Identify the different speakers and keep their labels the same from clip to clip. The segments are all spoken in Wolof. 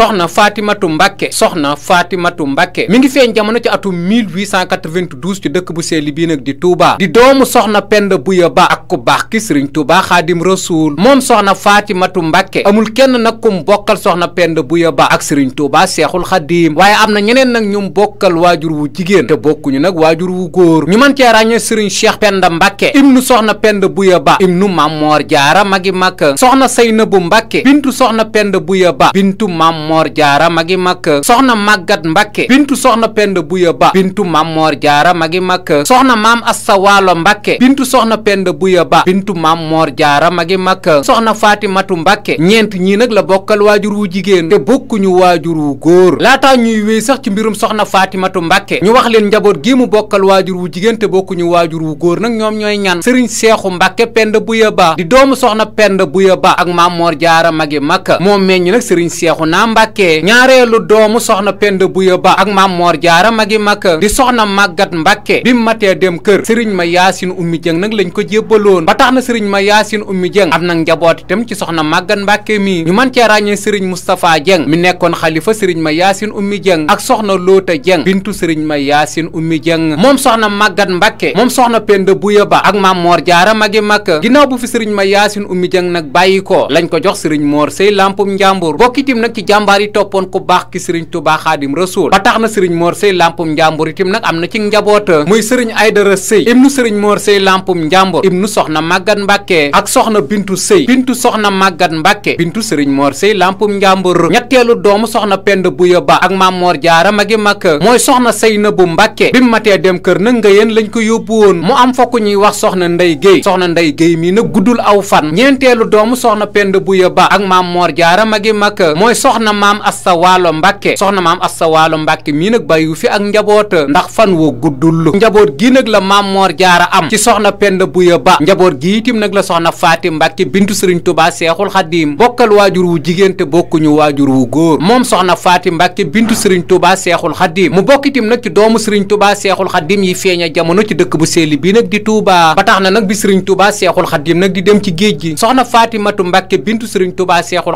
Speaker 1: soxna faatimatu mbakke soxna faatimatu mbàkke mi ngi feeñ jamono ci atum 1892 ci dëkk bu seeli bii nag di Touba di doomu soxna penda buya ba ak ku baax ki sëriñ Touba xaadim rasuul moom soxna faatimatu mbàkke amul kenn nag kum bokkal soxna penda buya ba ak sëriñ Touba seexul xaadim waaye am na ñeneen nag ñum bokkal waajur wu jigéen te bokkuñu nag waajur wu góor ñu man cee ràññee sëriñ cheikh penda mbàkke ibnu soxna penda buya ba ibnu mamoor jaara magi màkk soxna saynabu mbàkke bintu soxna penda buya ba bintu Mamor Jaara magi mag soxna Màggat Mbàkke bintu soxna Penda Buya Ba bintu Mamor Jaara magi mag soxna Maam Asta Waalo Mbàkke bintu soxna Penda Buya Ba bintu Mamor Jaara magi mag soxna Faatimatu Mbàkke ñeent ñii nag la bokkal waajur wu jigéen te bokkuñu waajur wu góor laataa ñuy wéy sax ci mbirum soxna Faatimatu Mbàkke ñu wax leen njaboot gii mu bokkal waajur wu jigéen te bokkuñu waajur wu góor nag ñoom ñooy ñan sëriñ Seexu Mbàkke Penda Buya Ba di doomu soxna Penda Buya Ba ak Mamor Jaara magi mag moo meññ nag sëriñ Seexu naa Mbàkke ñaareelu doomu soxna Penda Buya Ba ak Maam Moor Jaara magi mag di soxna màggat Mbàkke bi mu matee dem kër sëriñ ma Yaasin Ummi Jëng nag lañ ko jébbaloon ba tax na sëriñ ma Yaasin Ummi Jëng am nag njaboot itam ci soxna màggat Mbàkke mi ñu mën cee ràññee sëriñ Moustapha Jëng mi nekkoon xalifa sëriñ ma Yaasin Ummi Jëng ak soxna Loota Jëng bintu sëriñ ma Yaasin Ummi Jëng moom soxna màggat Mbàkke moom soxna Penda Buya Ba ak Maam Moor Jaara magi mag ginnaaw bu fi sëriñ ma Yaasin Ummi Jëng nag bàyyi ko lañ ko jox sëriñ Moor Sey Lampum Njàmbur bokkitim nag ci jàmbaar yi toppoon ku baax ki sëriñ Tuubaa Xaadim Rasuul ba tax na sëriñ Mor Sey lampum njàmbur itam nag am na ci njaboota muy sëriñ Aydara Sey ibnu sëriñ Mor Sey lampum njàmbur ibnu soxna màggat Mbàkke ak soxna bintu Sey bintu soxna màggat Mbàkke bintu sëriñ Mor Sey lampum njàmbur ñetteelu doomu soxna pend buya ba ak maam Mor Jaara magi mag mooy soxna Seynabu Mbàkke bi mu matee dem kër nag nga yéen ko yóbbu woon mu am fa wax soxna soxna maam asta waalo mbàkke soxna maam asta waalo mbàkke mii nag bàyyiwu fi ak njaboot ndax fan woo guddul njaboot gii nag la maam moor jaara am ci soxna penda buya ba njaboot gi itim nag la soxna faati mbàkke bintu sëriñ tubaa seexul xadiim bokkal waajur wu jigéen te bokkuñu waajur wu góor moom soxna faati mbàkke bintu sëriñ tubaa seexul xadiim mu bokk itim nag ci doomu sëriñ tubaa seexul xadiim yi feeña jamono ci dëkk bu seeli bii nag di tuubaa ba tax na nag bi sëriñ tubaa seexul xadiim nag di dem ci géej gi soxna faatimatu mbàkke bintu sëriñ tubaa seexul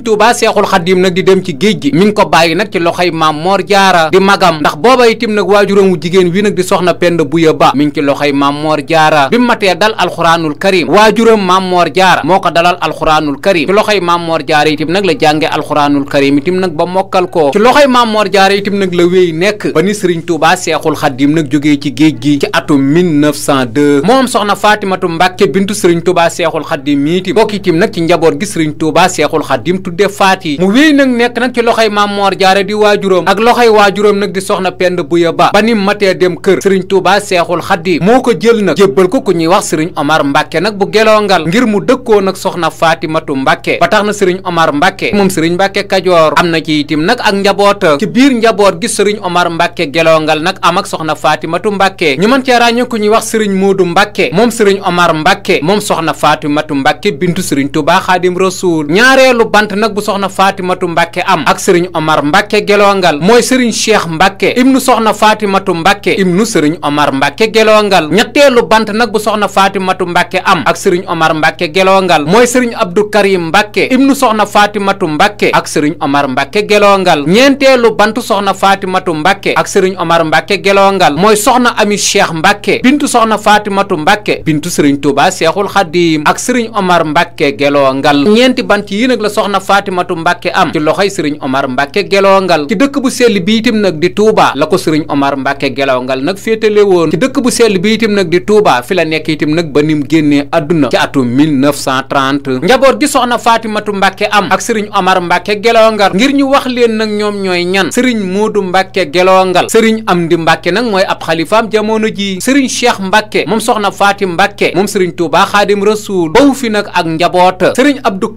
Speaker 1: sëriñ Touba Seexul Xaddiim nag di dem ci géej gi mi ngi ko bàyyi nag ci loxoy maam Mor Jaara di magam ndax booba itim nag waajuramu jigéen wi nag di soxna Penda Buya Ba mi ngi ci loxoy maam Mor Jaara bi mu matee dal alxuraanul karim waajuram maam Mor Jaara moo ko dalal alxuraanul karim ci loxoy maam Mor nag la jànge alxuraanul karim itim nag ba mokkal ko ci loxoy maam Mor Jaara itim nag la wéy nekk ba ni sëriñ Touba Seexul Xaddiim nag jógee ci géej gi ci atum 1902 moom soxna Fatimatu Mbàkke bintu sëriñ Touba Seexul Xaddiim miiti bokk itim nag ci njaboot gi sëriñ Touba Seexul tudde faat yi mu wéy nag nekk nag ci loxoy maam moor jaare di waajuróom ak loxoy waajuróom nag di soxna pend bu ya ba ba nim matee dem kër sëriñ tuubaa seexul xaddiim moo ko jël nag jébbal ko ku ñuy wax sëriñ omar mbàkke nag bu gelongal ngir mu dëkkoo nag soxna matu mbàkke ba tax na sëriñ omar mbàkke moom sëriñ mbàkke kajoor am na ci itim nag ak njaboota ci biir njaboot gi sëriñ omar mbàkke gelongal nag am ak soxna matu mbàkke ñu mën cee ràññeeku ñuy wax sëriñ moodu mbàkke moom sëriñ omar mbàkke moom soxna faatimatu mbàkke bintu sëriñ tuubaa xaadim rasuul ñaareelu nag bu soxna matu mbàkke am ak sëriñ omar mbàkke gelongal mooy sëriñ cheikh mbàkke ibnu soxna faatimatu mbàkke ibnu sëriñ omar mbàkke gelongal ñetteelu bant nag bu soxna faatimatu mbàkke am ak sëriñ omar mbàkke gelongal mooy sëriñ abdou karim mbàkke ibnu soxna faatimatu mbàkke ak sëriñ omar mbàkke gelongal ñeenteelu bantu soxna faatimatu mbàkke ak sëriñ omar mbàkke gelongal mooy soxna ami cheikh mbàkke bintu soxna faatimatu mbàkke bintu sëriñ touba seexul xadim ak sëriñ omar mbàkke gelongal ñeenti bant yi la soxna Fatimatu Mbàkke am ci loxoy sëriñ Omar Mbàkke Gelongal ci dëkk bu sell bi itam nag di Touba la ko sëriñ Omar Mbàkke Gelongal nag féetale woon ci dëkk bu sell bi itam nag di Touba fi la nekk itam nag ba nim génnee àdduna ci atum 1930 njaboot gi soxna Fatimatu Mbàkke am ak sëriñ Omar Mbàkke Gelongal ngir ñu wax leen nag ñoom ñooy ñan sëriñ Moodu Mbàkke Gelongal sëriñ Amdi Mbàkke nag mooy ab xalifaam jamono ji sëriñ Cheikh Mbàkke moom soxna Faati Mbàkke moom sëriñ Touba Xaadim Rasuul bawu fi nag ak njaboot sëriñ Abdou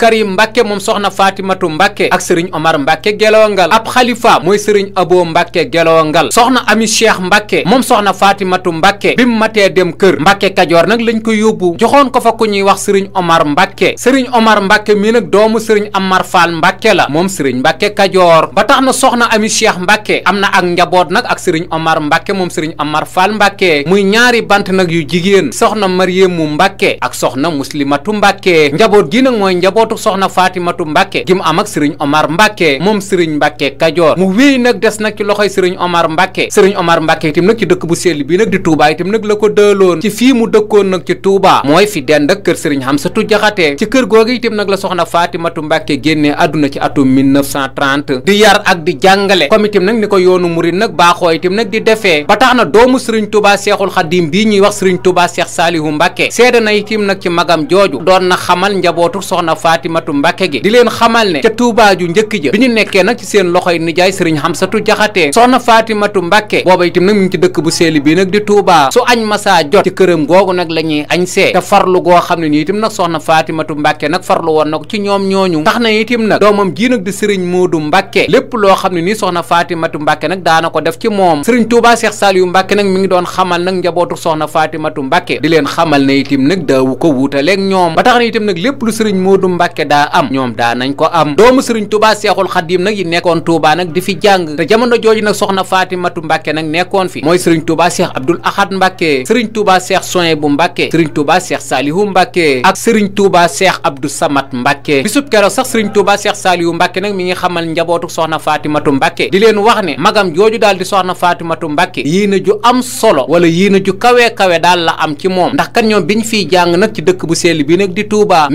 Speaker 1: Fatimatu Mbàkke ak sëriñ Omar Mbàkke Gelongal ab xalifa mooy sëriñ Abo Mbàkke Gelongal soxna Ami Cheikh Mbàkke moom soxna Fatimatu Mbàkke bi mu matee dem kër Mbàkke Kajoor nag lañ ko yóbbu joxoon ko fa ku ñuy wax sëriñ Omar Mbàkke sëriñ Omar Mbàkke mi nag doomu sëriñ Amar Faal Mbàkke la moom sëriñ Mbàkke Kajoor ba tax na soxna Ami Cheikh Mbàkke am na ak njaboot nag ak sëriñ Omar Mbàkke moom sëriñ Amar Faal Mbàkke muy ñaari bant nag yu jigéen soxna Mariamu Mbàkke ak soxna Muslimatu Mbàkke njaboot Mbacke gi mu am ak sëriñ Omar Mbacke moom sëriñ Mbacke Kajoor mu wéy nag des nag ci loxo sëriñ Omar Mbacke sëriñ Omar Mbacke itam nag ci dëkk bu sell bii nag di Touba itam nag la ko dëloon ci fii mu dëkkoon nag ci mooy fi dend ak kër sëriñ Hamsatu Jaxate ci kër googu itam nag la soxna Fatimatu Mbacke génnee àdduna ci atum 1930 di yar ak di jàngale comme itam nag ni ko yoonu murid nag baaxoo itam nag di defee ba tax na doomu sëriñ Touba Seexul Xadim bii ñuy wax sëriñ Touba Seex Saalihu Mbacke seede na itam nag ci magam jooju doon na xamal njabootu soxna Fatimatu Mbacke gi xamal ne ca Tuubaa ju njëkk ja bi ñu nekkee nag ci seen loxo yi nijaay sëriñ Xamsatu Jaxate soxna Faatimatu Mbàkke booba itam nag mu ngi ci dëkk bu seeli bii nag di Tuubaa su añ masaa jot këram googu nag la ñuy añ see farlu goo xam ne nii itam nag soxna Faatimatu Mbàkke nag farlu woon na ci ñoom ñooñu tax na itam nag doomam nag di sëriñ Moodu Mbàkke lépp loo xam ne nii soxna Faatimatu Mbàkke nag daana ko def ci moom sëriñ Tuubaa Seex Saaliyu Mbàkke nag mi ngi doon xamal nag njabootu soxna Faatimatu Mbàkke di leen xamal ne itam nag daawu ko wuutaleeg ñoom ba tax na itam nag lépp lu sëriñ Moodu Mbàkke daa am ñoom daana nañ ko am doomu sëriñ Touba Seexul Xadim nag yi nekkoon Touba nag di fi jàng te jamono jooju nag soxna Fatimatu Mbàkke nag nekkoon fi mooy sëriñ Touba Seex Abdul Ahad Mbàkke sëriñ Touba Seex Soye bu Mbàkke sëriñ Touba Seex Saalihu Mbàkke ak sëriñ Touba Seex Abdou Samat Mbàkke bisub keroog sax sëriñ Touba Seex Saalihu Mbàkke nag mi ngi xamal njabootu soxna Fatimatu Mbàkke di leen wax ne magam jooju daal di soxna Fatimatu Mbàkke yéena ju am solo wala yéena ju kawe kawe daal la am ci moom ndax kan ñoom biñ fi jàng nag ci dëkk bu sell bi nag di Touba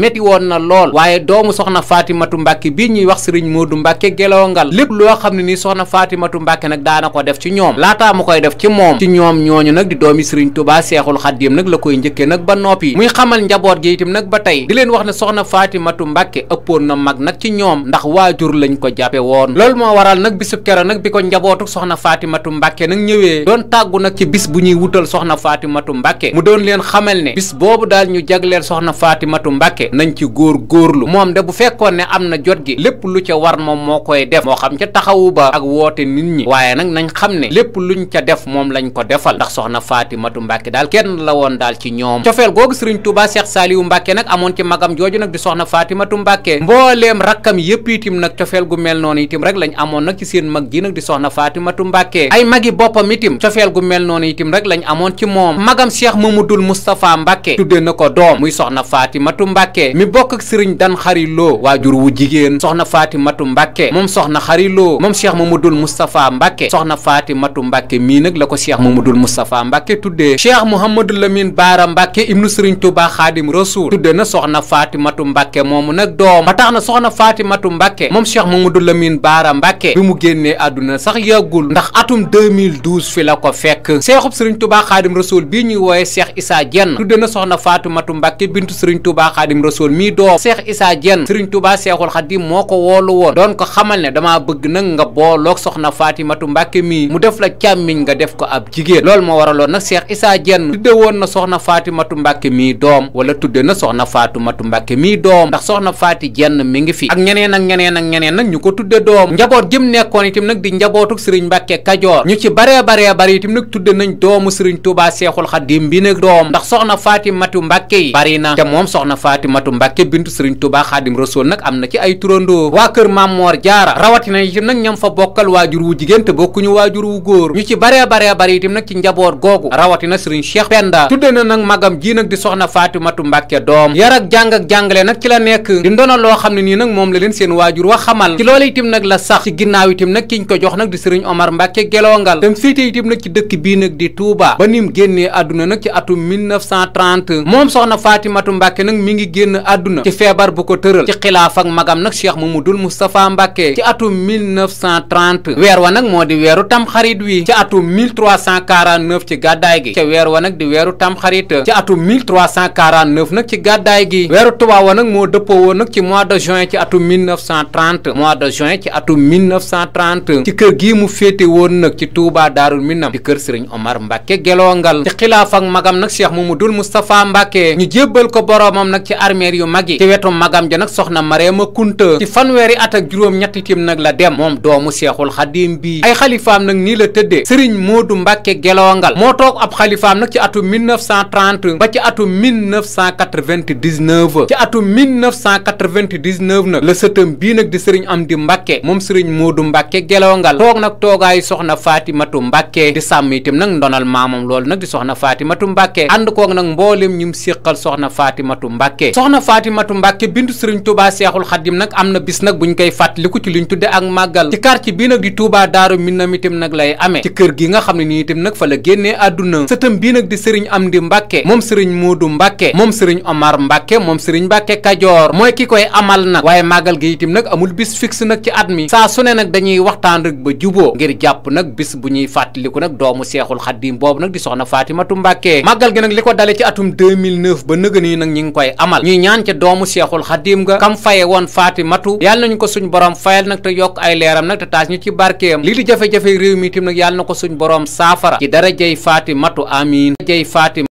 Speaker 1: Fatimatu Mbàkke bii ñuy wax sëriñ Moodu Mbàkke Gelongal lépp loo xam ne nii soxna Fatimatu Mbàkke nag daana ko def ci ñoom laataa mu koy def ci moom ci ñoom ñooñu nag di doomi sëriñ Tuubaa Seexul Xadiim nag la koy njëkkee nag ba noppi muy xamal njaboot gi itam nag ba tey di leen wax ne soxna Fatimatu Mbàkke na mag nag ci ñoom ndax waajur lañ ko jàppe woon loolu moo waral nag bisub kero nag bi ko njabootu soxna Fatimatu Mbàkke nag ñëwee doon tàggu nag ci bis bu ñuy wutal soxna matu Mbàkke mu doon leen xamal ne bis boobu daal ñu jagleel soxna Fatimatu Mbàkke nañ ci góor góorlu moom de bu fekkoon ne am na jot gi lépp lu ca war moom moo koy def moo xam ca taxawu ba ak woote nit ñi waaye nag nañ xam ne lépp lu luñ ca def moom lañ ko defal ndax soxna faati matu Mbàkke daal kenn la woon daal ci ñoom cofeel googu sëriñ Tuubaa Seex Saaliwu Mbàkke nag amoon ci magam jooju nag di soxna faati Faatimatu Mbàkke mbooleem rakkam yépp itim nag cofeel gu mel noonu itim rek lañu amoon nag ci seen mag ji nag di soxna faati matu Mbàkke ay magi boppam itim cofeel gu mel noonu itim rek lañ amoon ci moom magam Cheikh Mamadul Moustapha Mbàkke tudde na ko doom muy soxna Faatimatu Mbàkke mi bokk ak sëriñ dan xari wu jigéen soxna Fatimatu Mbàkke moom soxna xariloo moom cheikh Mamadul Moustapha Mbàkke soxna Fatimatu Mbàkke mii nag la ko cheikh Mamadul Moustapha Mbàkke tuddee cheikh Mouhamadul Lamine Baara Mbàkke ibnu Sëriñ Tuubaa Xaadim Rasuul tudde na soxna Fatimatu Mbàkke moomu nag doom ba tax na soxna Fatimatu Mbàkke moom cheikh Mamadul Lamine Baara Mbàkke bi mu génnee àdduna sax yàggul ndax atum 2012 fi la ko fekk seexub Sëriñ Tuubaa Xaadim Rasuul bii ñuy wooye cheikh Issa Diène tudde na soxna Fatimatu Mbàkke bintu Sëriñ Tuubaa Xaadim Rasuul mii doom cheikh Issa Diène Sëriñ Tuubaa seexul xadim moo ko woolu woon doon ko xamal ne damaa bëgg nag nga booloog soxna matu mbakke mii mu def la càmmiñ nga def ko ab jigéen lool moo waraloon nag seex Issa Diène tudde woon na soxna Fatimatu Mbàkke mii doom wala tudde na soxna Fatimatu Mbàkke mii doom ndax soxna Faati jenn mi ngi fi ak ñeneen ak ñeneen ak ñeneen nag ñu ko tudde doom njaboot jëm nekkoon itam nag di njabootuk sëriñ mbakke Kajoor ñu ci bare bare bari itam nag tudde nañ doomu sëriñ tubaa seexul xadim bi nag doom ndax soxna Fatimatu na te moom soxna Fatimatu Mbàkke bintu am na ci ay turandoo waa kër Mammoor Jaara rawatina itam nag ñam fa bokkal waajur wu jigéen te bokkuñu waajur wu góor ñu ci baree baree bari itam nag ci njaboot googu rawatina sëriñ Cheikh Penda tudde na nag magam ji nag di soxna Fatimatu Mbàkke doom yar jàng jàngale nag ci la nekk di ndono loo xam ne nii nag moom la leen seen waajur wa xamal ci loolu itam nag la sax ci ginnaaw itam nag kiñ ko jox nag di sëriñ Omar Mbàkke Gelongal dem féete itam ba nim mi ngi magam nag cheikh mamadul moustapha mbàkke ci atum weer wa nag moo di weeru tam xarit wi ci atum 1349 ci gàddaay gi ca weer wa nag di weeru tam xarit ci atum 1349 nag ci gàddaay gi weeru tubaab wa moo dëppoo woon nag ci mois de juin ci atum 1930 mois de juin ci atum 1930 ci kër gii mu féete woon nag ci Touba Daarul Minam di kër Serigne Omar Mbàkke gelongal ci xilaaf ak magam nag cheikh mamadul moustapha mbàkke ñu jébbal waaye ma kunta ci fanweeri at juróom-ñett itam nag la dem moom doomu seexul xadim bi ay xalifaam nag nii la tëddee sëriñ moodu mbàkke gelongal moo toog ab xalifaam nag ci atum 1930 ba ci atum 1999 ci atum 1999 nag la sëtam bii nag di sëriñ am di mbakke moom sëriñ moodu mbàkke gelongal toog nag toogaayu soxna faatimatu mbàkke di sàmm itam nag ndonal maamam loolu nag di soxna matu mbàkke ànd koog nag mboolem ñum séqal soxna matu mbakke soxna faatimatu mbàkke bindu sëriñ tubaa seexul Seexul Xadim nag am na bis nag buñ koy fàttaliku ci luñ tudde ak màggal ci quartier bii nag di Touba Daaru Minam nag lay amee ci kër gi nga xam ne nii itam nag fa la génnee àdduna sëtam bii nag di sëriñ Amdi Mbàkke moom sëriñ Moodu Mbàkke moom sëriñ Omar Mbàkke moom sëriñ Mbàkke Kajoor mooy ki koy amal nag waaye màggal gi itam nag amul bis fixe nag ci at mi saa su nag dañuy waxtaan rek ba juboo ngir jàpp nag bis bu ñuy fàttaliku nag doomu Seexul Xadim boobu nag di soxna Fatimatu Mbàkke woon Fatimatu yàlla nañu ko suñ borom fayal nag te yokk ay leeram nag te taas ñu ci barkeem lii di jafe-jafe réew mi tim nag yàlla na ko suñ boroom saafara yi dara jay faati matu amiin jey Fatim